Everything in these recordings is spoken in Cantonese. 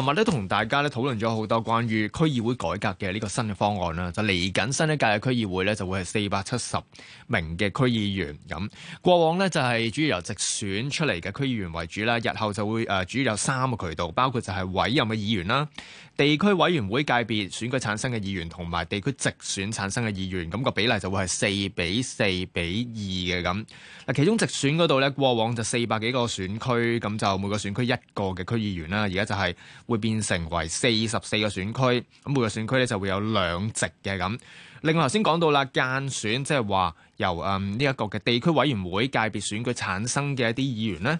尋日咧，同大家咧討論咗好多關於區議會改革嘅呢個新嘅方案啦，就嚟緊新一屆嘅區議會咧就會係四百七十名嘅區議員咁。過往呢，就係、是、主要由直選出嚟嘅區議員為主啦，日後就會誒主要有三個渠道，包括就係委任嘅議員啦、地區委員會界別選舉產生嘅議員，同埋地區直選產生嘅議員。咁、那個比例就會係四比四比二嘅咁。嗱，其中直選嗰度呢，過往就四百幾個選區，咁就每個選區一個嘅區議員啦，而家就係、是。會變成為四十四個選區，咁每個選區咧就會有兩席嘅咁。另外頭先講到啦，間選即係話由誒呢一個嘅地區委員會界別選舉產生嘅一啲議員咧，誒、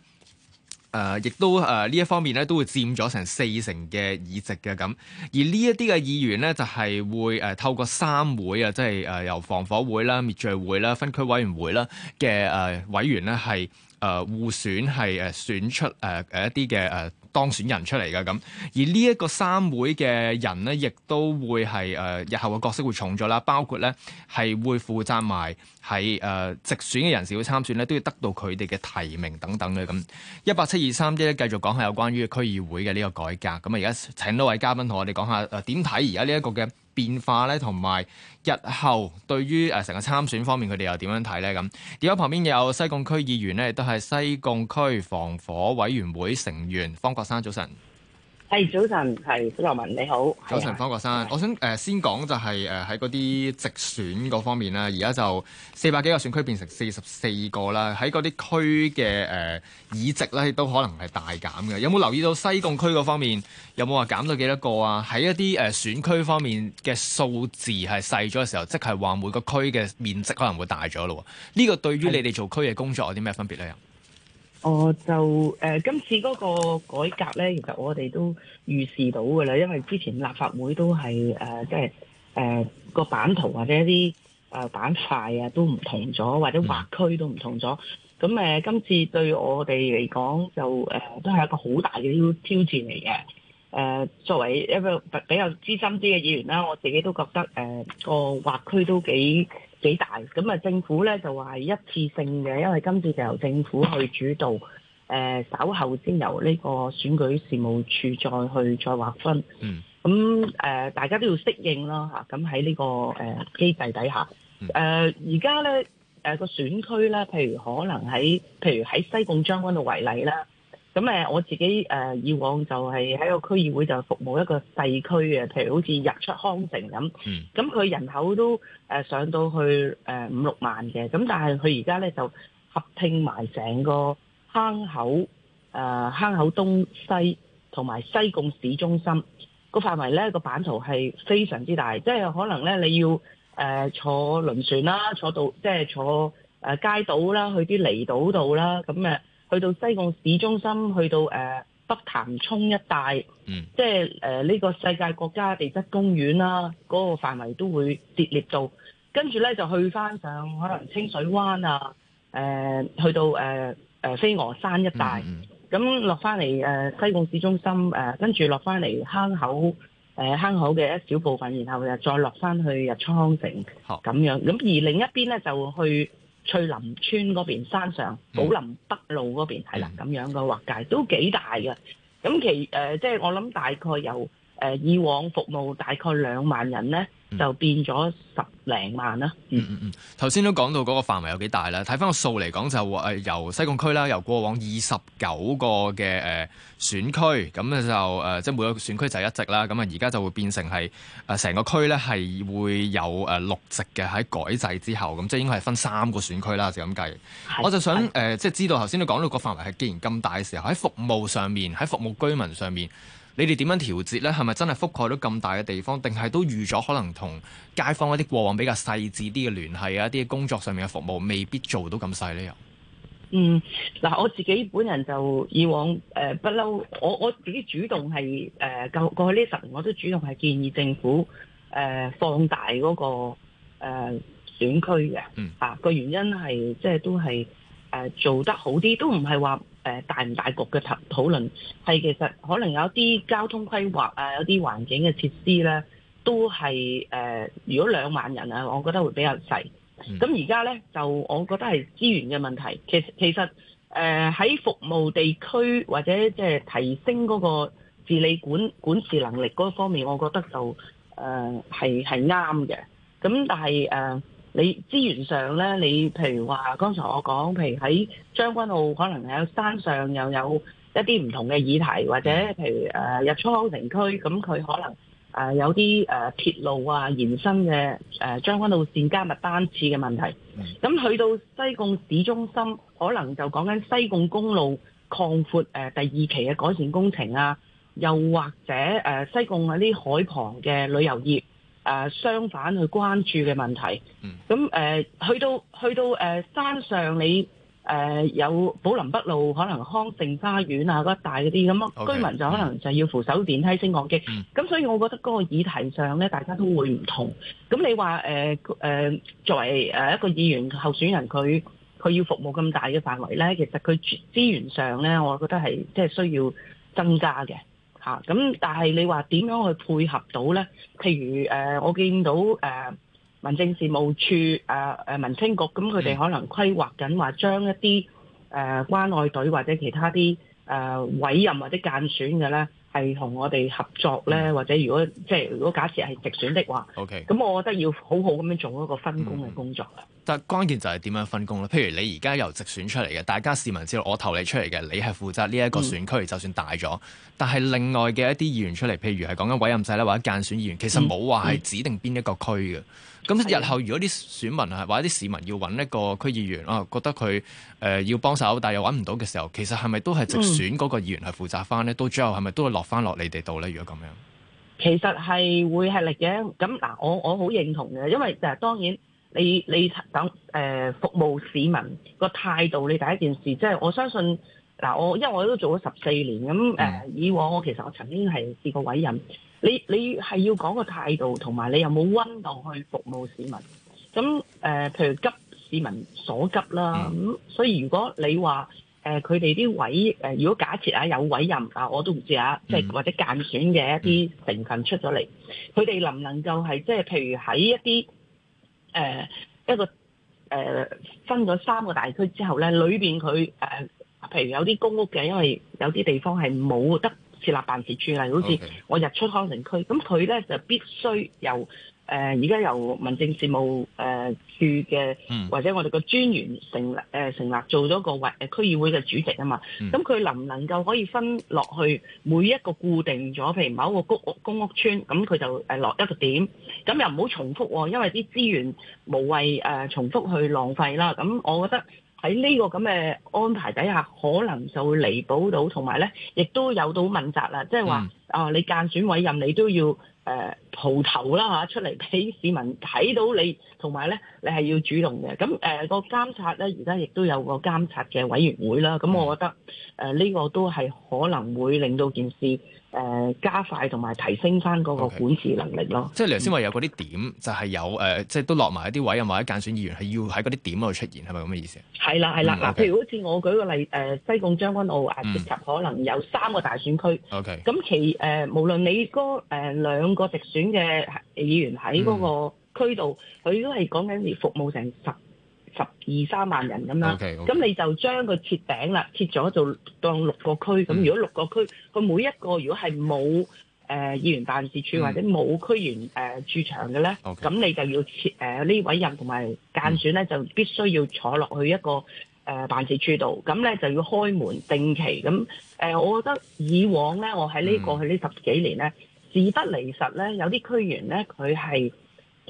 呃、亦都誒呢一方面咧都會佔咗成四成嘅議席嘅咁。而呢一啲嘅議員咧就係、是、會誒、呃、透過三會啊，即係誒、呃、由防火會啦、滅罪會啦、分區委員會啦嘅誒委員咧係。誒、呃、互選係誒選出誒誒、呃、一啲嘅誒當選人出嚟嘅咁，而呢一個三會嘅人咧，亦都會係誒、呃、日後嘅角色會重咗啦，包括咧係會負責埋係誒直選嘅人士要參選咧，都要得到佢哋嘅提名等等嘅咁。一八七二三一繼續講下有關於區議會嘅呢個改革。咁、嗯、啊，而家請多位嘉賓同我哋講下誒點睇而家呢一個嘅。變化咧，同埋日後對於誒成個參選方面，佢哋又點樣睇咧？咁電話旁邊有西貢區議員咧，亦都係西貢區防火委員會成員方國珊早晨。係早晨，係劉文你好。早晨，早晨方國珊。 我想誒、呃、先講就係誒喺嗰啲直選嗰方面啦。而家就四百幾個選區變成四十四個啦，喺嗰啲區嘅誒議席咧亦都可能係大減嘅。有冇留意到西貢區嗰方面有冇話減到幾多個啊？喺一啲誒、呃、選區方面嘅數字係細咗嘅時候，即係話每個區嘅面積可能會大咗咯。呢、這個對於你哋做區嘅工作有啲咩分別咧？我、哦、就誒、呃，今次嗰個改革咧，其實我哋都預視到㗎喇，因為之前立法會都係誒、呃，即係誒、呃、個版圖或者一啲誒、呃、版塊啊，都唔同咗，或者劃區都唔同咗。咁誒、呃，今次對我哋嚟講，就、呃、誒都係一個好大嘅挑挑戰嚟嘅。誒、呃，作為一個比較資深啲嘅議員啦，我自己都覺得誒、呃、個劃區都幾幾大咁啊？政府咧就話係一次性嘅，因為今次就由政府去主導，誒、 呃、稍後先由呢個選舉事務處再去再劃分。 嗯，咁、呃、誒大家都要適應啦吓。咁、呃、喺呢個誒機制底下，誒而家咧誒個選區咧，譬如可能喺譬如喺西貢將軍度為例啦。咁誒，我自己誒、呃、以往就係喺個區議會就服務一個細區嘅，譬如好似日出康城咁。嗯。咁佢人口都誒、呃、上到去誒五六萬嘅，咁但係佢而家咧就合併埋成個坑口誒、呃、坑口東西同埋西貢市中心個範圍咧，個版圖係非常之大，即係可能咧你要誒、呃、坐輪船啦，坐到即係坐誒、呃、街島啦，去啲離島度啦，咁誒。去到西貢市中心，去到誒、呃、北潭涌一帶，嗯、即係誒呢個世界國家地質公園啦、啊，嗰、那個範圍都會涉獵到。跟住咧就去翻上可能清水灣啊，誒、呃、去到誒誒、呃、飛鵝山一帶。咁落翻嚟誒西貢市中心，誒、呃、跟住落翻嚟坑口，誒、呃、坑口嘅一小部分，然後就再落翻去日昌、呃、城，咁樣。咁、嗯、而另一邊咧就去，去。翠林村嗰邊山上，寶林北路嗰邊係啦，咁 樣嘅劃界都幾大嘅，咁其誒，即、呃、係、就是、我諗大概有。誒以往服務大概兩萬人咧，嗯、就變咗十零萬啦。嗯嗯嗯，頭先都講到嗰個範圍有幾大啦。睇翻個數嚟講，就誒由西貢區啦，由過往二十九個嘅誒選區，咁咧就誒、呃、即係每個選區就一席啦。咁啊而家就會變成係誒成個區咧係會有誒六席嘅喺改制之後，咁即係應該係分三個選區啦，就咁計。是我就想誒、呃、即係知道頭先都講到個範圍係既然咁大嘅時候，喺服務上面，喺服務居民上面。你哋點樣調節咧？係咪真係覆蓋到咁大嘅地方？定係都預咗可能同街坊一啲過往比較細緻啲嘅聯繫啊，一啲工作上面嘅服務未必做到咁細咧？又嗯，嗱，我自己本人就以往誒不嬲，我我自己主動係誒夠過去呢十年，我都主動係建議政府誒、呃、放大嗰、嗰個誒、呃、選區嘅，嗯、啊個原因係即係都係誒做得好啲，都唔係話。誒大唔大局嘅談討論，係其實可能有啲交通規劃啊，有啲環境嘅設施咧，都係誒、呃，如果兩萬人啊，我覺得會比較細。咁而家咧就，我覺得係資源嘅問題。其實其實誒喺服務地區或者即係提升嗰個治理管管治能力嗰方面，我覺得就誒係係啱嘅。咁、呃、但係誒。呃你資源上咧，你譬如話，剛才我講，譬如喺將軍澳可能喺山上又有，一啲唔同嘅議題，或者譬如誒日出康城區，咁佢可能誒、啊、有啲誒、啊、鐵路啊延伸嘅誒、啊、將軍澳線加密班次嘅問題。咁、嗯、去到西貢市中心，可能就講緊西貢公路擴闊誒第二期嘅改善工程啊，又或者誒、啊、西貢嗰啲海旁嘅旅遊業。誒、啊、相反去關注嘅問題，咁誒、嗯呃、去到去到誒、呃、山上你，你、呃、誒有寶林北路可能康盛花園啊嗰一帶嗰啲咁，居民就可能就要扶手電梯升降機。咁、嗯、所以我覺得嗰個議題上咧，大家都會唔同。咁你話誒誒作為誒一個議員候選人，佢佢要服務咁大嘅範圍咧，其實佢資源上咧，我覺得係即係需要增加嘅。嚇咁，啊，但係你話點樣去配合到呢？譬如誒、呃，我見到誒、呃、民政事務處誒誒、呃呃、民青局，咁佢哋可能規劃緊話將一啲誒、呃、關愛隊或者其他啲誒、呃、委任或者間選嘅呢，係同我哋合作呢。或者如果即係如果假設係直選的話，OK，咁我覺得要好好咁樣做一個分工嘅工作啦。嗯關鍵就係點樣分工啦。譬如你而家由直選出嚟嘅，大家市民知道我投你出嚟嘅，你係負責呢一個選區，嗯、就算大咗。但係另外嘅一啲議員出嚟，譬如係講緊委任制咧，或者間選議員，其實冇話係指定邊一個區嘅。咁、嗯、日後如果啲選民啊，或者啲市民要揾一個區議員啊，覺得佢誒、呃、要幫手，但又揾唔到嘅時候，其實係咪都係直選嗰個議員去負責翻呢？到、嗯、最後係咪都會落翻落你哋度呢？如果咁樣，其實係會係力嘅。咁嗱，我我好認同嘅，因為就、呃、當然。你你等誒、呃、服務市民個態度，你第一件事，即係我相信嗱，我因為我都做咗十四年咁誒、mm. 呃，以往我其實我曾經係試過委任，你你係要講個態度同埋你有冇溫度去服務市民。咁誒、呃，譬如急市民所急啦，咁、mm. 嗯、所以如果你話誒，佢哋啲委誒，如、呃、果假設啊有委任啊，我都唔知啊，即係、mm. 或者間選嘅一啲成分出咗嚟，佢哋、mm. mm. 能唔能夠係即係譬如喺一啲？誒、呃、一個誒、呃、分咗三個大區之後咧，裏邊佢誒，譬如有啲公屋嘅，因為有啲地方係冇得設立辦事處嘅，好似 Okay. 我日出康城區，咁佢咧就必須由。誒而家由民政事務誒處嘅或者我哋個專員成立、呃、成立做咗個委誒區議會嘅主席啊嘛，咁佢、嗯、能唔能夠可以分落去每一個固定咗，譬如某個公屋公屋村，咁佢就誒落一個點，咁又唔好重複、哦，因為啲資源無謂誒、呃、重複去浪費啦。咁我覺得喺呢個咁嘅安排底下，可能就會彌補到，同埋咧亦都有到問責啦。即係話啊，你間選委任你都要。誒蒲、呃、頭啦吓出嚟俾市民睇到你，同埋咧你係要主動嘅。咁誒、呃嗰個監察咧，而家亦都有個監察嘅委員會啦。咁我覺得誒呢、呃呢個都係可能會令到件事。誒、呃、加快同埋提升翻嗰個管治能力咯，Okay. 嗯、即係你頭先話有嗰啲點，就係、是、有誒、呃，即係都落埋一啲位，或者間選議員係要喺嗰啲點度出現，係咪咁嘅意思？係啦，係啦，嗱、嗯，okay. 譬如好似我舉個例，誒、呃、西貢將軍澳、嗯、啊，涉及可能有三個大選區，咁 Okay. 其誒、呃、無論你嗰、那、誒、個呃、兩個直選嘅議員喺嗰個區度，佢、嗯、都係講緊要服務成十十二三萬人咁樣，咁 Okay, okay. 你就將個切頂啦，切咗就當六個區。咁、嗯、如果六個區，佢每一個如果係冇誒議員辦事處或者冇區員誒駐、呃、場嘅呢，咁 Okay. 你就要設誒委任同埋間選呢，嗯、就必須要坐落去一個誒、呃、辦事處度。咁呢就要開門定期。咁誒、呃，我覺得以往呢，我喺呢過去呢十幾年呢，事不離實呢，有啲區員呢，佢係誒誒。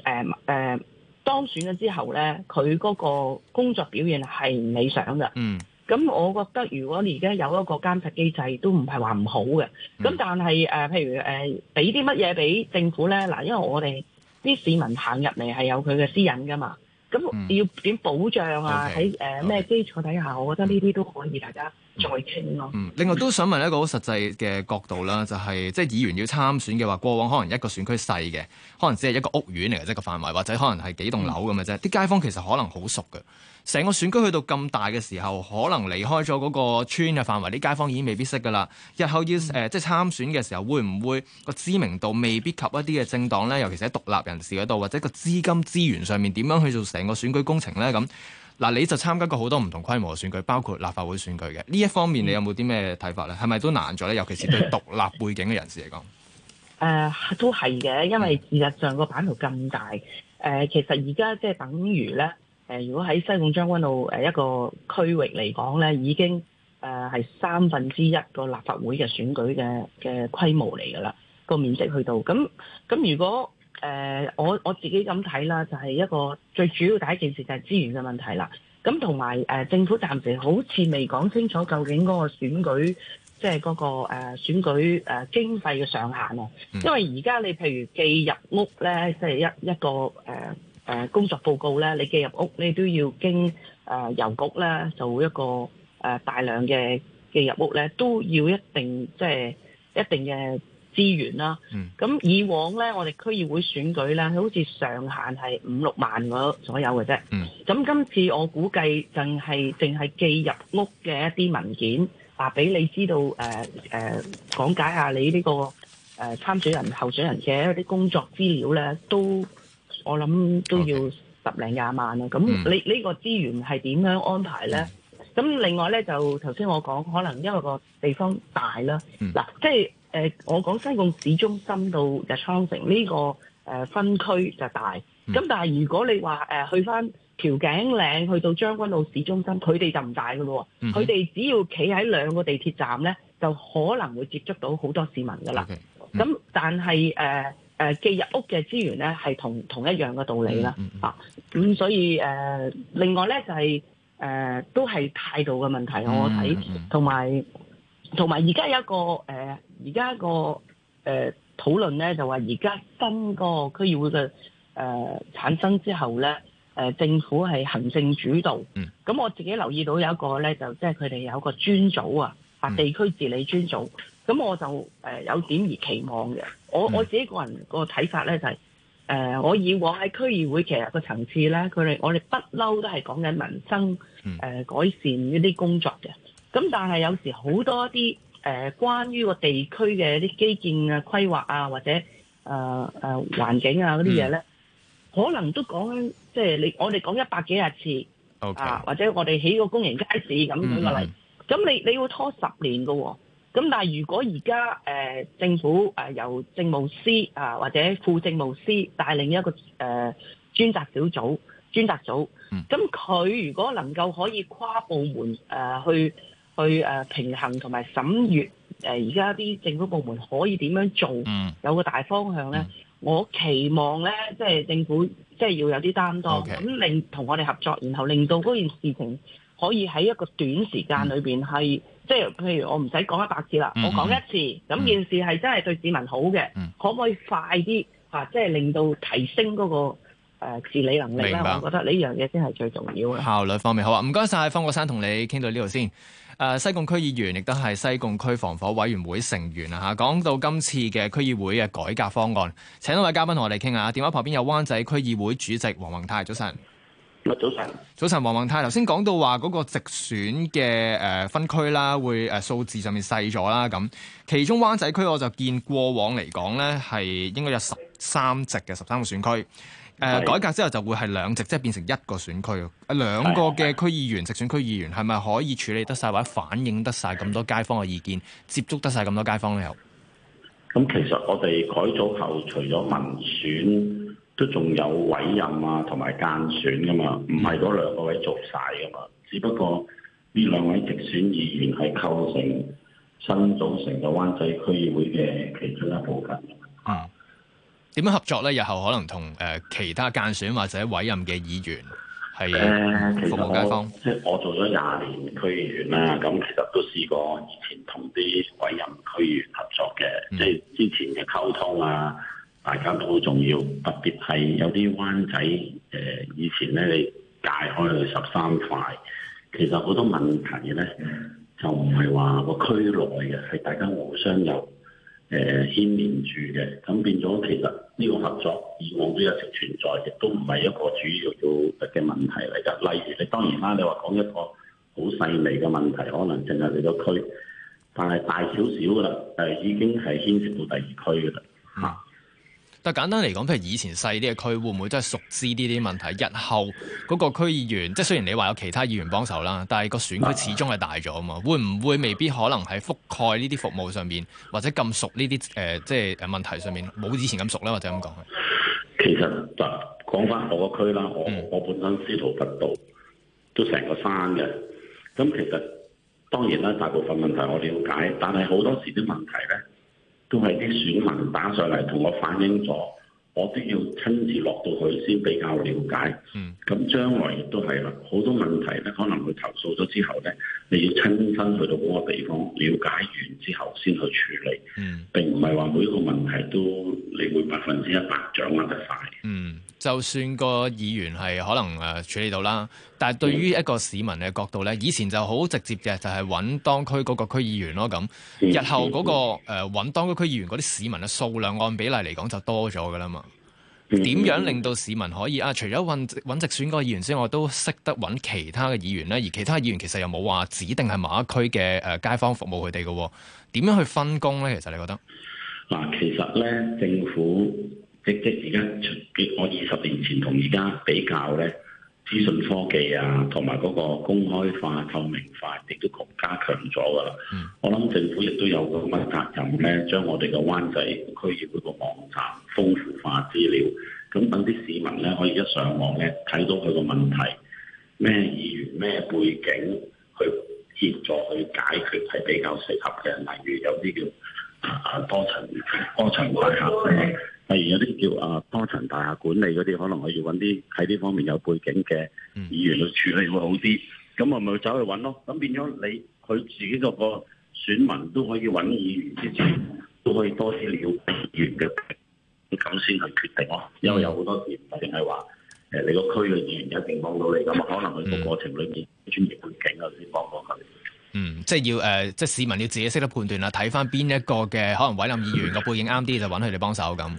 呃呃呃當選咗之後咧，佢嗰個工作表現係唔理想嘅。嗯，咁我覺得如果你而家有一個監察機制，都唔係話唔好嘅。咁、嗯、但係誒、呃，譬如誒，俾啲乜嘢俾政府咧？嗱，因為我哋啲市民行入嚟係有佢嘅私隱噶嘛。咁要點保障啊？喺誒咩基礎底下，嗯、我覺得呢啲都可以，大家。在咯、嗯。另外都想問一個好實際嘅角度啦，就係、是、即係議員要參選嘅話，過往可能一個選區細嘅，可能只係一個屋苑嚟嘅，即係個範圍，或者可能係幾棟樓咁嘅啫。啲、嗯、街坊其實可能好熟嘅。成個選區去到咁大嘅時候，可能離開咗嗰個村嘅範圍，啲街坊已經未必識㗎喇。日後要誒、呃、即係參選嘅時候，會唔會個知名度未必及一啲嘅政黨呢？尤其是喺獨立人士嗰度，或者個資金資源上面點樣去做成個選舉工程呢？咁？嗱，你就參加過好多唔同規模嘅選舉，包括立法會選舉嘅呢一方面，你有冇啲咩睇法咧？係咪都難咗咧？尤其是對獨立背景嘅人士嚟講，誒、 呃、都係嘅，因為事實上個版圖咁大，誒、呃、其實而家即係等於咧，誒、呃、如果喺西貢將軍澳誒一個區域嚟講咧，已經誒係、呃、三分之一個立法會嘅選舉嘅嘅規模嚟㗎啦，個面積去到咁咁如果。誒，我、uh, 我自己咁睇啦，就係、是、一個最主要第一件事就係資源嘅問題啦。咁同埋誒政府暫時好似未講清楚究竟嗰個選舉，即係嗰個誒、呃、選舉誒、呃、經費嘅上限啊。嗯、因為而家你譬如寄入屋咧，即係一一個誒誒、呃、工作報告咧，你寄入屋你都要經誒郵、呃、局咧做一個誒、呃、大量嘅寄入屋咧，都要一定即係一定嘅。資源啦、啊，咁、嗯、以往咧，我哋區議會選舉咧，好似上限係五六萬個左右嘅啫。咁、嗯、今次我估計，淨係淨係寄入屋嘅一啲文件，話俾你知道，誒、呃、誒、呃、講解下你呢、這個誒、呃、參選人候選人嘅一啲工作資料咧，都我諗都要十零廿萬啊。咁、嗯、你呢、這個資源係點樣安排咧？咁、嗯、另外咧，就頭先我講，可能因為個地方大、嗯、啦，嗱，即係。誒、呃，我講西貢市中心到日出康城呢、這個誒、呃、分區就大，咁、嗯、但係如果你話誒、呃、去翻調景嶺去到將軍澳市中心，佢哋就唔大噶咯，佢哋、嗯、只要企喺兩個地鐵站咧，就可能會接觸到好多市民噶啦。咁、okay, 嗯、但係誒誒，寄入屋嘅資源咧，係同同一樣嘅道理啦。嗯嗯、啊，咁所以誒、呃，另外咧就係、是、誒、呃，都係態度嘅問題。我睇同埋。嗯同埋而家有一個誒，而、呃、家個誒、呃、討論咧，就話而家新個區議會嘅誒、呃、產生之後咧，誒、呃、政府係行政主導。嗯。咁我自己留意到有一個咧，就即係佢哋有一個專組啊，啊地區治理專組。咁、嗯、我就誒、呃、有點而期望嘅。我我自己個人個睇法咧就係、是、誒、呃，我以往喺區議會其實個層次咧，佢哋我哋不嬲都係講緊民生誒改善呢啲工作嘅。嗯咁但係有時好多啲誒、呃、關於個地區嘅啲基建啊、規劃啊，或者誒誒、呃呃、環境啊嗰啲嘢咧，嗯、可能都講即係你我哋講一百幾廿次，Okay. 啊或者我哋起個工人街市咁舉個例，咁、嗯嗯、你你要拖十年㗎喎、哦。咁但係如果而家誒政府誒、呃、由政務司啊、呃、或者副政務司帶領一個誒、呃、專責小組、專責組，咁佢、嗯、如果能夠可以跨部門誒、呃呃、去。去誒平衡同埋審閱誒，而家啲政府部門可以點樣做？有個大方向咧，我期望咧，即係政府即係要有啲擔當，咁令同我哋合作，然後令到嗰件事情可以喺一個短時間裏邊係，即係譬如我唔使講一百次啦，我講一次，咁件事係真係對市民好嘅，可唔可以快啲吓？即係令到提升嗰個治理能力咧？我覺得呢樣嘢先係最重要嘅效率方面。好啊，唔該晒。方國珊，同你傾到呢度先。誒西貢區議員亦都係西貢區防火委員會成員啦嚇。講到今次嘅區議會嘅改革方案，請兩位嘉賓同我哋傾下。電話旁邊有灣仔區議會主席黃宏泰，早晨。早晨。早晨，黃宏泰。頭先講到話嗰個直選嘅誒分區啦，會誒數字上面細咗啦。咁其中灣仔區我就見過往嚟講咧，係應該有十三席嘅十三個選區。誒、呃、改革之後就會係兩席，即係變成一個選區咯。兩個嘅區議員的直選區議員係咪可以處理得晒，或者反映得晒咁多街坊嘅意見，接觸得晒咁多街坊咧？又咁、嗯、其實我哋改組後，除咗民選，都仲有委任啊，同埋間選㗎嘛，唔係嗰兩個位做晒㗎嘛。只不過呢兩位直選議員係構成新組成嘅灣仔區議會嘅其中一部分。啊、嗯！點樣合作呢？日後可能同誒、呃、其他間選或者委任嘅議員係、呃、服務街坊、呃。即係我做咗廿年區議員啦，咁其實都試過以前同啲委任區議員合作嘅，即、就、係、是、之前嘅溝通啊，大家都好重要。特別係有啲灣仔誒、呃，以前呢，你界開去十三塊，其實好多問題呢，就唔係話個區內嘅，係大家互相有。誒、呃、牽連住嘅，咁變咗其實呢個合作以往都有成存在，亦都唔係一個主要要嘅問題嚟噶。例如，你當然啦，你話講一個好細微嘅問題，可能淨係嚟咗區，但係大少少噶啦，誒、呃、已經係牽涉到第二區噶啦。但簡單嚟講，譬如以前細啲嘅區，會唔會真係熟知呢啲問題？日後嗰個區議員，即係雖然你話有其他議員幫手啦，但係個選區始終係大咗啊嘛，會唔會未必可能喺覆蓋呢啲服務上面，或者咁熟呢啲誒，即係問題上面，冇以前咁熟咧？或者咁講？其實就講翻我個區啦，我、嗯、我本身司徒拔道，都成個山嘅。咁其實當然啦，大部分問題我了解，但係好多時啲問題咧。都係啲選民打上嚟同我反映咗，我都要親自落到去先比較了解。咁、嗯、將來亦都係啦，好多問題咧，可能佢投訴咗之後咧，你要親身去到嗰個地方了解完之後先去處理。嗯、並唔係話每一個問題都你會百分之一百掌握得曬。嗯就算個議員係可能誒處理到啦，但係對於一個市民嘅角度咧，以前就好直接嘅，就係、是、揾當區嗰個區議員咯。咁，日後嗰、那個誒揾、 呃、當區區議員嗰啲市民嘅數量，按比例嚟講就多咗噶啦嘛。點 樣令到市民可以啊？除咗揾直選嗰個議員之外，都識得揾其他嘅議員咧。而其他嘅議員其實又冇話指定係某一區嘅誒街坊服務佢哋嘅。點樣去分工咧？其實你覺得嗱，其實咧政府。即即而家，我二十年前同而家比較咧，資訊科技啊，同埋嗰個公開化、透明化亦都更加強咗噶啦。嗯、我諗政府亦都有咁嘅責任咧，將我哋嘅灣仔區嘅嗰個網站豐富化資料，咁等啲市民咧可以一上網咧睇到佢個問題，咩議員咩背景，去協助去解決係比較適合嘅。例如有啲叫、啊、多層多層大廈。例如有啲叫啊多層大廈管理嗰啲，可能我要揾啲喺呢方面有背景嘅議員去處理會好啲。咁我咪走去揾咯。咁變咗你佢自己個個選民都可以揾議員之前都可以多啲了解議員嘅，咁先去決定咯。因為有好多事唔一定係話誒你個區嘅議員一定幫到你，咁啊可能佢個過程裏面專業背景啊先幫到佢。嗯，即係要誒、呃，即係市民要自己識得判斷啦，睇翻邊一個嘅可能委任議員個背景啱啲，嗯嗯呃、看看就揾佢哋幫手咁。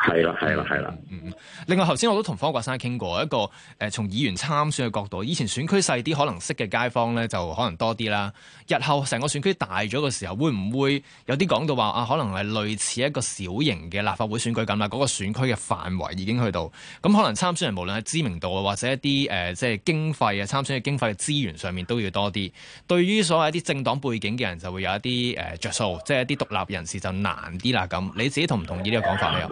係啦，係啦，係啦、嗯。嗯。另外，頭先我都同方國珊傾過一個誒、呃，從議員參選嘅角度，以前選區細啲，可能識嘅街坊咧就可能多啲啦。日後成個選區大咗嘅時候，會唔會有啲講到話啊？可能係類似一個小型嘅立法會選舉咁啦。嗰、嗰個選區嘅範圍已經去到咁，可能參選人無論係知名度啊，或者一啲誒、呃，即係經費啊，參選嘅經費資源上面都要多啲。對於所謂一啲政黨背景嘅人，就會有一啲誒着數，即係一啲獨立人士就難啲啦。咁你自己同唔同意個呢個講法咧？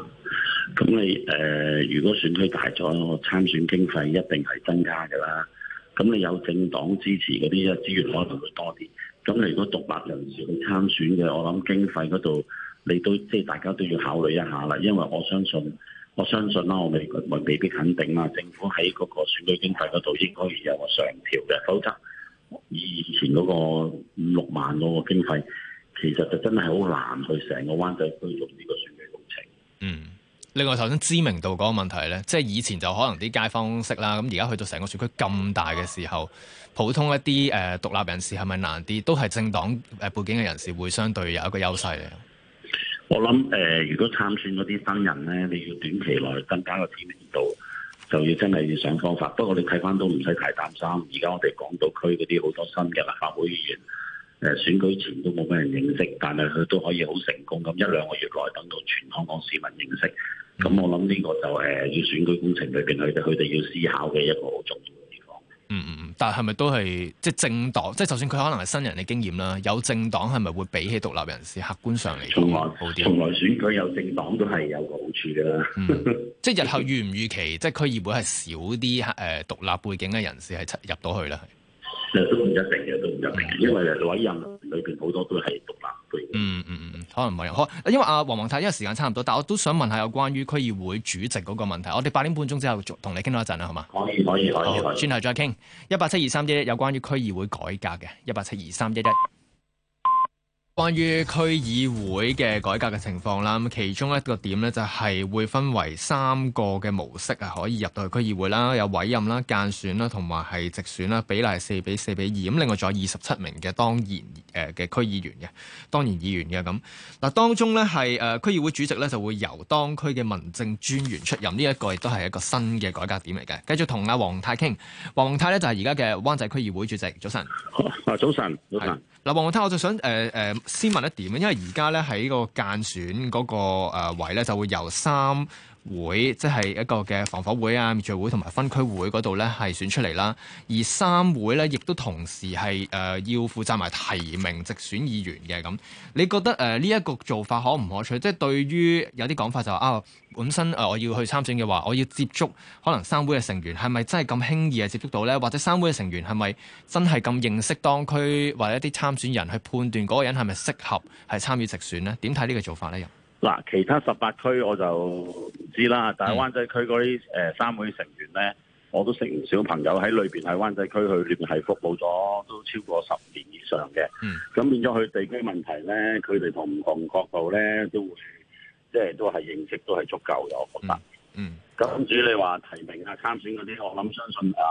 咁你誒、呃，如果選區大咗，參選經費一定係增加嘅啦。咁你有政黨支持嗰啲，一資源可能會多啲。咁你如果獨立人士去參選嘅，我諗經費嗰度你都即係大家都要考慮一下啦。因為我相信，我相信啦，我未我未必肯定啦。政府喺嗰個選舉經費嗰度應該要有個上調嘅，否則以以前嗰個五六萬嗰個經費，其實就真係好難去成個灣仔區做呢、呢個。另外頭先知名度嗰個問題咧，即係以前就可能啲街坊識啦，咁而家去到成個選區咁大嘅時候，普通一啲誒獨立人士係咪難啲？都係政黨誒、呃、背景嘅人士會相對有一個優勢咧。我諗誒、呃、如果參選嗰啲新人咧，你要短期內增加個知名度，就要真係要想方法。不過你睇翻都唔使太擔心。而家我哋港島區嗰啲好多新嘅立法會議員誒、呃、選舉前都冇咩人認識，但係佢都可以好成功咁一兩個月內等到全香港市民認識。咁我諗呢個就誒，要選舉工程裏邊佢哋佢哋要思考嘅一個好重要嘅地方。嗯嗯，但係咪都係即係政黨？即係就算佢可能係新人嘅經驗啦，有政黨係咪會比起獨立人士客觀上嚟講好啲？從來，從來選舉有政黨都係有個好處噶。 嗯，即係日後預唔預期，即係區議會係少啲誒獨立背景嘅人士係入到去啦？其實都唔一定嘅，都唔一定，因為嘅話呢任裏邊好多都係獨立。嗯嗯嗯可能唔係，可因為阿、啊、黃宏泰，因為時間差唔多，但我都想問下有關於區議會主席嗰個問題。我哋八點半鐘之後，同你傾多一陣啦，好嘛？可以可以可以。轉頭、哦、再傾。一八七二三一一，有關於區議會改革嘅一八七二三一一。 關於區議會嘅改革嘅情況啦，咁其中一個點呢就係會分為三個嘅模式係可以入到去區議會啦，有委任啦、間選啦，同埋係直選啦，比例係四比四比二。咁另外仲有二十七名嘅當然誒嘅區議員嘅，當然議員嘅咁嗱，當中呢係誒區議會主席呢，就會由當區嘅民政專員出任。呢一個亦都係一個新嘅改革點嚟嘅。繼續同阿黃泰傾，黃宏泰呢就係而家嘅灣仔區議會主席。早晨，啊早晨。早晨。嗱，黃宏泰，我就想誒誒、呃呃、先問一點啊，因為而家咧喺個間選嗰個位咧，就會由三會，即、就、係、是、一個嘅防火會啊、滅罪會同埋分區會嗰度咧，係選出嚟啦。而三會咧，亦都同時係誒、呃、要負責埋提名直選議員嘅咁。你覺得誒呢一個做法可唔可取？即、就、係、是、對於有啲講法就是、啊。本身誒我要去參選嘅話，我要接觸可能三會嘅成員，係咪真係咁輕易啊接觸到呢？或者三會嘅成員係咪真係咁認識當區或者一啲參選人去判斷嗰個人係咪適合係參與直選呢？點睇呢個做法呢？又嗱，其他十八區我就唔知啦，但係灣仔區嗰啲誒三會成員呢，我都識唔少朋友喺裏邊，喺灣仔區去聯繫服務咗都超過十年以上嘅，嗯，咁變咗佢地區問題呢，佢哋同唔同角度呢都會。即係都係認識都係足夠嘅，我覺得。嗯，咁、嗯、至於你話提名啊、參選嗰啲，我諗相信啊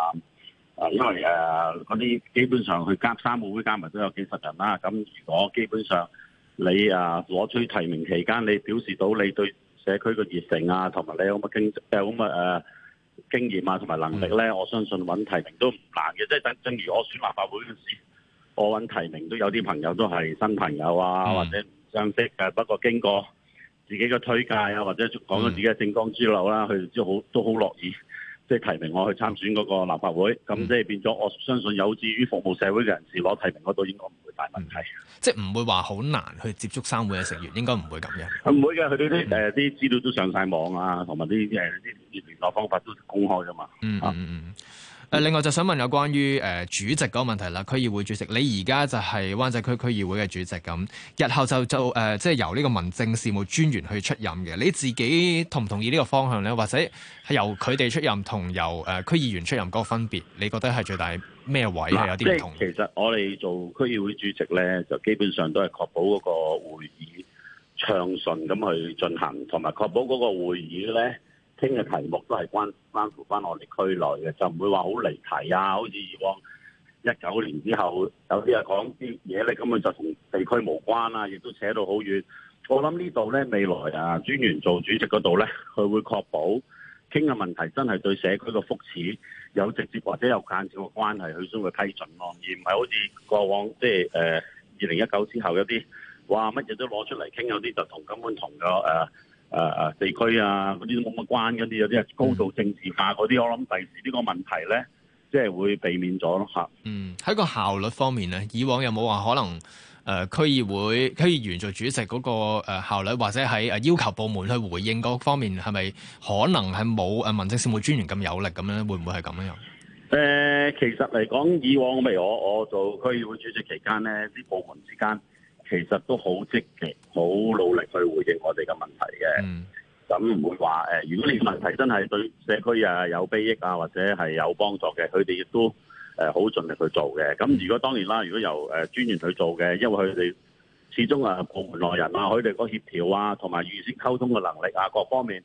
啊、呃，因為誒嗰啲基本上去加三個會加埋都有幾十人啦。咁如果基本上你啊攞出提名期間，你表示到你對社區嘅熱誠啊，同埋你有乜經誒，有乜誒經驗啊，同埋能力咧，嗯、我相信揾提名都唔難嘅。即、就、係、是、等，正如我選立法會嘅時，我揾提名都有啲朋友都係新朋友啊，嗯、或者唔相識嘅。不過經過。自己嘅推介啊，或者講到自己嘅政綱之流啦，佢都好都好樂意，即係提名我去參選嗰個立法會。咁、嗯、即係變咗，我相信有志於服務社會嘅人士攞提名，我都應該唔會大問題。嗯、即係唔會話好難去接觸三會嘅成員，應該唔會咁樣。唔會嘅，佢啲啲誒啲資料都上晒網啊，同埋啲誒啲聯絡方法都公開㗎嘛。嗯嗯嗯。嗯嗯。誒，另外就想問有關於誒主席嗰個問題啦。區議會主席，你而家就係灣仔區區議會嘅主席，咁日後就就誒，即係由呢個民政事務專員去出任嘅。你自己同唔同意呢個方向咧？或者係由佢哋出任同由誒區議員出任嗰個分別，你覺得係最大咩位？啊，係有啲唔同。其實我哋做區議會主席咧，就基本上都係確保嗰個會議暢順咁去進行，同埋確保嗰個會議咧。傾嘅題目都係關關乎返我哋區內嘅，就唔會話好離題啊！好似以往一九年之後有啲人講啲嘢咧，根本就同地區無關啦、啊，亦都扯到好遠。我諗呢度咧，未來啊專員做主席嗰度咧，佢會確保傾嘅問題真係對社區嘅福祉有直接或者有間接嘅關係，佢先會批准咯、啊，而唔係好似過往即係誒二零一九之後有啲哇乜嘢都攞出嚟傾，有啲就同根本同咗誒。呃誒誒、呃，地區啊，嗰啲都冇乜關，嗰啲有啲係高度政治化嗰啲，嗯、我諗第時呢個問題咧，即、就、係、是、會避免咗咯吓。嗯，喺個效率方面咧，以往有冇話可能誒區、呃、議會區議員做主席嗰、那個誒效率，或者喺要求部門去回應嗰方面，係咪可能係冇誒民政事務專員咁有力咁咧？會唔會係咁樣？誒、呃，其實嚟講，以往譬如我我做區議會主席期間咧，啲部門之間。其實都好積極，好努力去回應我哋嘅問題嘅。咁唔、嗯、會話誒，如果你問題真係對社區啊有裨益啊，或者係有幫助嘅，佢哋亦都誒好盡力去做嘅。咁如果當然啦，如果由誒、呃、專員去做嘅，因為佢哋始終啊部門內人啊，佢哋個協調啊，同埋預先溝通嘅能力啊，各方面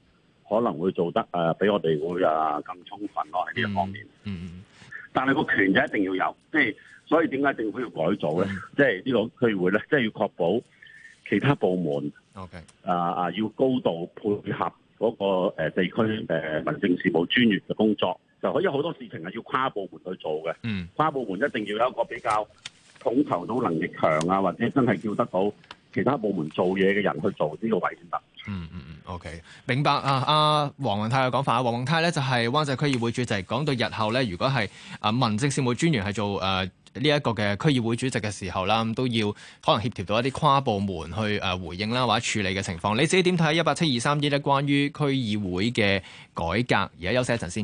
可能會做得誒、啊、比我哋會啊更充分咯。喺呢一方面。嗯嗯。嗯。但係個權就一定要有，即係所以點解政府要改組咧？嗯、即係呢個區會咧，即、就、係、是、要確保其他部門，OK，啊啊、呃，要高度配合嗰、那個誒、呃、地區誒、呃、民政事務專員嘅工作，就因為好多事情係要跨部門去做嘅，嗯，跨部門一定要有一個比較統籌到能力強啊，或者真係叫得到其他部門做嘢嘅人去做呢個位先得。嗯嗯嗯，OK，明白啊！阿黃宏泰嘅講法，啊，黃、啊、宏泰咧就係灣仔區議會主席，講到日後咧，如果係啊民政事務專員係做誒呢一個嘅區議會主席嘅時候啦，咁都要可能協調到一啲跨部門去誒回應啦，或者處理嘅情況。你自己點睇一八七二三一咧？關於區議會嘅改革，而家休息一陣先。